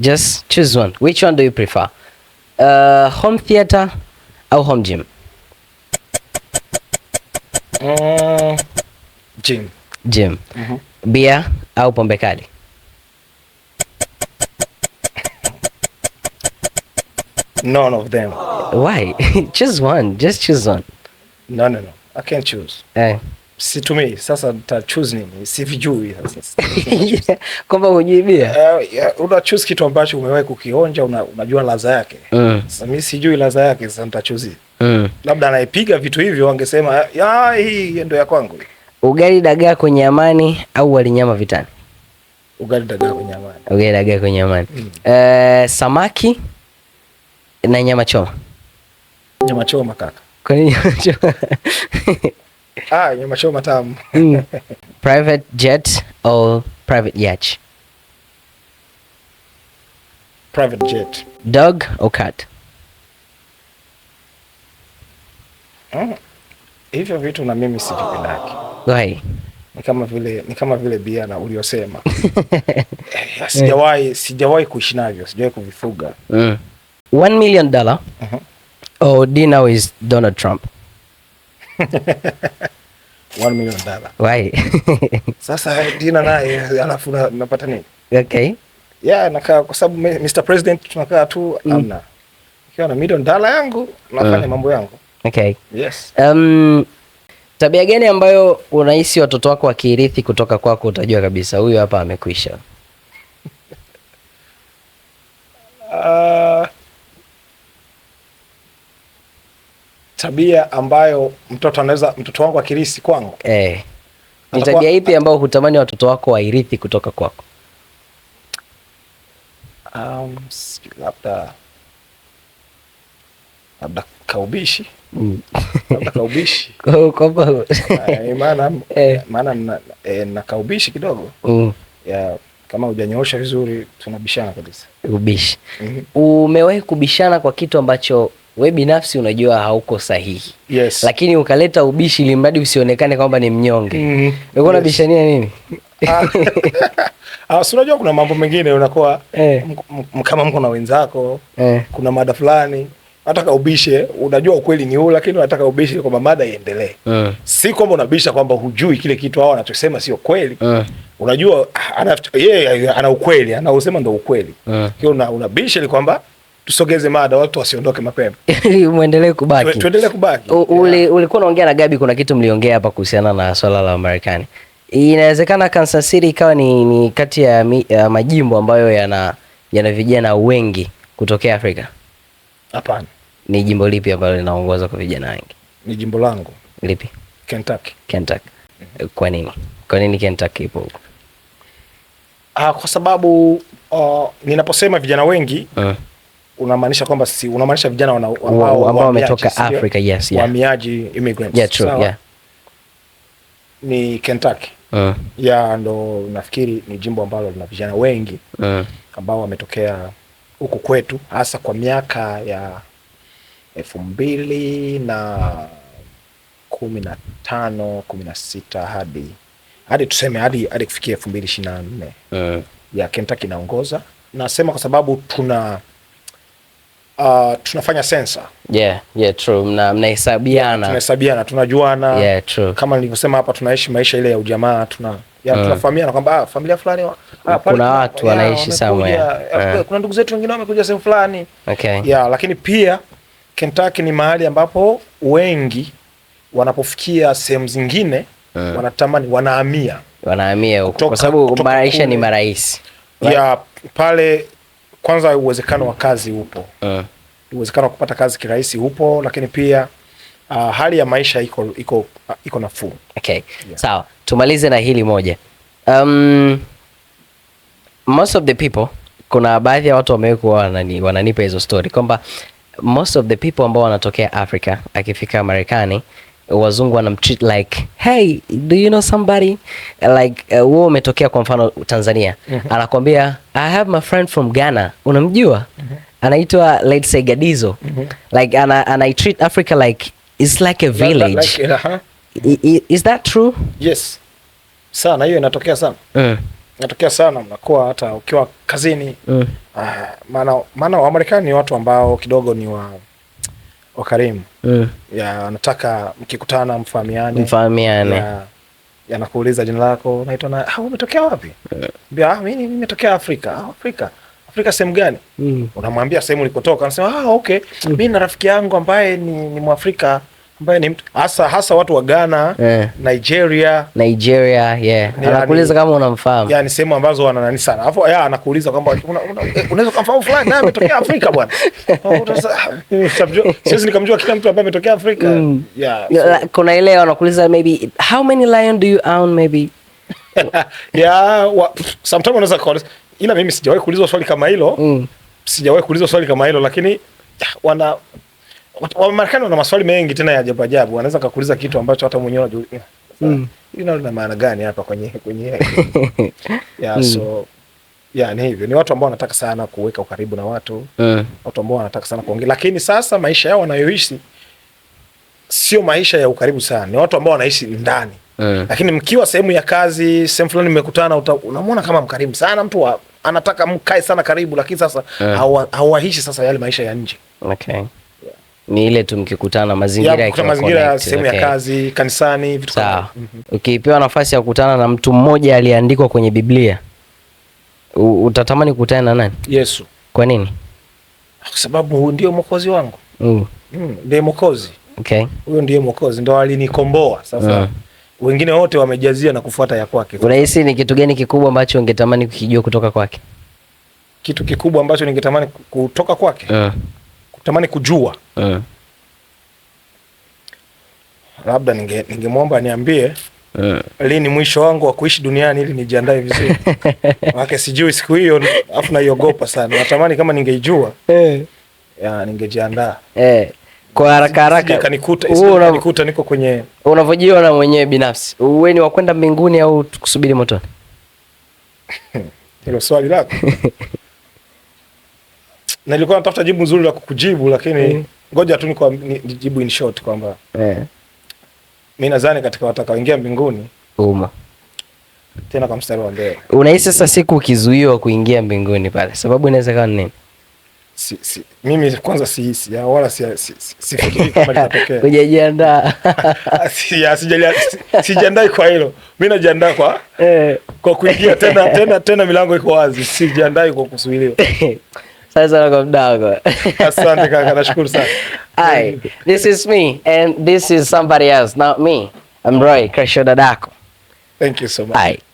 Just choose one. Which one do you prefer? Uh, home theater or home gym? Mm, gym. Gym. Mm -hmm. beer au pombe kali? None of them. Why? choose one. Just choose one. No, no, no. I can't choose. Eh situmii. Sasa nitachoose nini? Sivijui kwamba hujui bia, eh, eh, una choose kitu ambacho umewahi kukionja, una, unajua ladha yake mm. Sasa mi sijui ladha yake, sasa nitachoose mm. Labda anayepiga vitu hivyo angesema hii ndio ya kwangu. Ugali dagaa kwenye amani au wali nyama vitani? Ugali dagaa kwenye amani. Ugali dagaa kwenye amani mm. Uh, samaki na nyama choma. Nyama choma kaka, kwa nini nyama choma? Ah, nyama choma tamu. Mm. Private jet or private yacht? Private jet. Dog or cat? Mm. Hivyo vitu na mimi sivipendaki. Why? Ni kama vile ni kama vile biana uliosema. Eh, sijawahi sijawahi kuishi navyo, sijawahi kuvifuga. Mm. 1 million dollar. Uh mhm. -huh. Oh, dinner with Donald Trump. 1 million dollar. Why? Sasa eh, Dina naye alafu napata nini? Okay. Yeah, nakaa kwa sababu Mr. President tunakaa tu mm. amna. Nikiwa na million dollar yangu nafanya mm. mambo yangu. Okay. Yes. Um, tabia gani ambayo unahisi watoto wako wakiirithi kutoka kwako utajua kabisa huyu hapa amekwisha? uh, tabia ambayo mtoto anaweza mtoto wangu akirithi kwangu eh. Ni tabia ipi ambayo hutamani watoto wako wairithi kutoka kwako? Um, labda labda kaubishi mm. labda kaubishi maana eh. maana na, e, na kaubishi kidogo mm. ya, kama hujanyoosha vizuri tunabishana kabisa ubishi. mm -hmm. Umewahi kubishana kwa kitu ambacho we binafsi unajua hauko sahihi yes. Lakini ukaleta ubishi ili mradi usionekane kwamba ni mnyonge mm. Mm-hmm. Ulikuwa unabishania yes. nini? Ah. Ah, si unajua kuna mambo mengine unakuwa eh. kama mko na wenzako eh. kuna mada fulani nataka ubishe, unajua ukweli ni huu, lakini unataka ubishe kwamba mada iendelee mm. si kwamba unabisha kwamba hujui kile kitu hao anachosema sio kweli mm. unajua ah, ana, yeye ana ukweli anausema ndo ukweli mm. unabisha ni kwamba tusogeze mada, watu wasiondoke mapema muendelee kubaki, tuendelee kubaki. Ule ulikuwa unaongea na Gabi, kuna kitu mliongea hapa kuhusiana na swala la Marekani. Inawezekana Kansas City ikawa ni, ni kati ya, mi, ya majimbo ambayo yana yana vijana wengi kutokea Afrika. Hapana, ni jimbo lipi ambalo linaongoza kwa vijana wengi? Ni jimbo langu. Lipi? Kentucky. Kentucky. Eh, kwa nini? Kwa nini Kentucky ipo huko? Ah, kwa sababu uh, ninaposema vijana wengi uh unamaanisha kwamba si unamaanisha vijana ambao ambao wametoka Africa, yes, yeah. Wahamiaji immigrants. Yeah, true, sawa. yeah. Ni Kentucky. Uh. Ya ndo nafikiri ni jimbo ambalo lina vijana wengi uh, ambao wametokea huku kwetu hasa kwa miaka ya elfu mbili na kumi na tano kumi na sita hadi hadi tuseme hadi hadi kufikia elfu mbili ishirini na nne uh. ya Kentucky inaongoza, nasema kwa sababu tuna uh, tunafanya sensa. Yeah, yeah, true. Mna mnahesabiana. Tunahesabiana, tunajuana. Yeah, true. Kama nilivyosema hapa tunaishi maisha ile ya ujamaa, tuna mm. tunafahamiana kwamba ah, familia fulani ah, kuna watu wanaishi somewhere. Yeah. Kuna ndugu zetu wengine wamekuja sehemu fulani. Okay. Yeah, lakini pia Kentucky ni mahali ambapo wengi wanapofikia sehemu zingine mm. wanatamani wanahamia. Wanahamia huko kwa sababu maisha ni marahisi. Right? Yeah, pale kwanza uwezekano wa kazi upo uh. Uwezekano wa kupata kazi kirahisi upo, lakini pia uh, hali ya maisha iko iko iko nafuu. Okay, sawa yeah. So, tumalize na hili moja um, most of the people, kuna baadhi ya watu wamekuwa wanani, wananipa hizo story kwamba most of the people ambao wanatokea Africa akifika Marekani wazungu wanamtreat like hey do you know somebody like uh, wewe umetokea kwa mfano Tanzania mm -hmm. anakwambia I have my friend from Ghana unamjua mm -hmm. anaitwa let's say Gadizo mm -hmm. like ana, ana treat Africa like it's like a village like, like, uh -huh. is that true yes sana hiyo inatokea sana mm. inatokea sana mnakuwa hata ukiwa kazini mm. uh, maana maana Wamarekani ni watu ambao kidogo ni wa wakarimu mm. Eh. ya mkikutana mfahamiane mfahamiane ya, jina lako naitwa na ah, umetokea wapi? Eh. Mbia ah, mimi nimetokea Afrika. Ah, Afrika Afrika sehemu gani? mm. Unamwambia sehemu ulikotoka, anasema ah, okay mm. mimi na rafiki yangu ambaye ni, ni Mwafrika ambaye ni mtu hasa hasa watu wa Ghana, yeah. Nigeria, Nigeria yeah. Anakuuliza kama unamfahamu. sehemu ambazo wana nani sana. Alafu yeye anakuuliza kwamba unaweza kumfahamu fulani naye ametokea Afrika bwana. Oh, nikamjua kila mtu ambaye ametokea Afrika. Mm. Yeah. So. Kuna ile wanakuuliza maybe how many lion do you own maybe? yeah, sometimes unaweza ila mimi sijawahi kuulizwa swali kama hilo. Mm. Sijawahi kuulizwa swali kama hilo lakini wana Wamarekani wana maswali mengi tena ya ajabu ajabu, wanaweza kukuuliza kitu ambacho hata mwenyewe unajiuliza mm. hili nalo lina maana gani hapa kwenye kwenye yeah, mm. so yeah, ni hivyo, ni watu ambao wanataka sana kuweka ukaribu na watu mm. watu ambao wanataka sana kuongea, lakini sasa maisha yao wanayoishi sio maisha ya ukaribu sana, ni watu ambao wanaishi ndani mm. lakini mkiwa sehemu ya kazi, sehemu fulani mmekutana, unamwona kama mkaribu sana mtu wa, anataka mkae sana karibu, lakini sasa mm. Eh. hawaishi hawa sasa yale maisha ya nje okay ni ile tu mkikutana mazingira ya mazingira ya sehemu ya kazi, kanisani, vitu kama hivyo. Mhm. Ukipewa nafasi ya kukutana na mtu mmoja aliyeandikwa kwenye Biblia, utatamani kukutana na nani? Yesu. Kwa nini? Ah, kwa sababu huyu ndio mwokozi wangu. Mm. Mm, mwokozi. Okay. Huyo ndiye mwokozi, ndo alinikomboa. Sasa mm. wengine wote wamejazia na kufuata ya kwake. Unahisi ni kitu gani kikubwa ambacho ungetamani kukijua kutoka kwake? Kitu kikubwa ambacho ningetamani kutoka kwake. Mm tamani kujua uh. Labda ningemwomba ninge niambie lii eh. lini mwisho wangu wa kuishi duniani ili nijiandae vizuri wake, sijui siku hiyo, afu naiogopa sana. Natamani kama ningeijua eh. ya ningejiandaa uh kwa haraka haraka kanikuta kanikuta niko kwenye unavyojiwa na mwenyewe binafsi, uwe ni wakwenda mbinguni au tukusubiri motoni? hilo swali lako nilikuwa natafuta jibu nzuri la kukujibu lakini mm. ngoja mm. tu nikuwa nijibu in short kwamba eh. mi nadhani katika watakaoingia mbinguni uma tena kwa mstari wa mbele. Unahisi sasa siku ukizuiwa kuingia mbinguni pale, sababu inaweza kuwa nini? Si, si, mimi kwanza sihisi wala sifikiri kama litatokea. Hujajiandaa. Sijiandai kwa hilo, mi najiandaa kwa eh. kwa kuingia tena, tena, tena milango iko wazi, sijiandai kwa kuzuiliwa Sasa kwa muda Asante kaka, nashukuru sana. Hi, this is me and this is somebody else. Not me. I'm Roy, Kesho dadako. Thank you so much. Hi.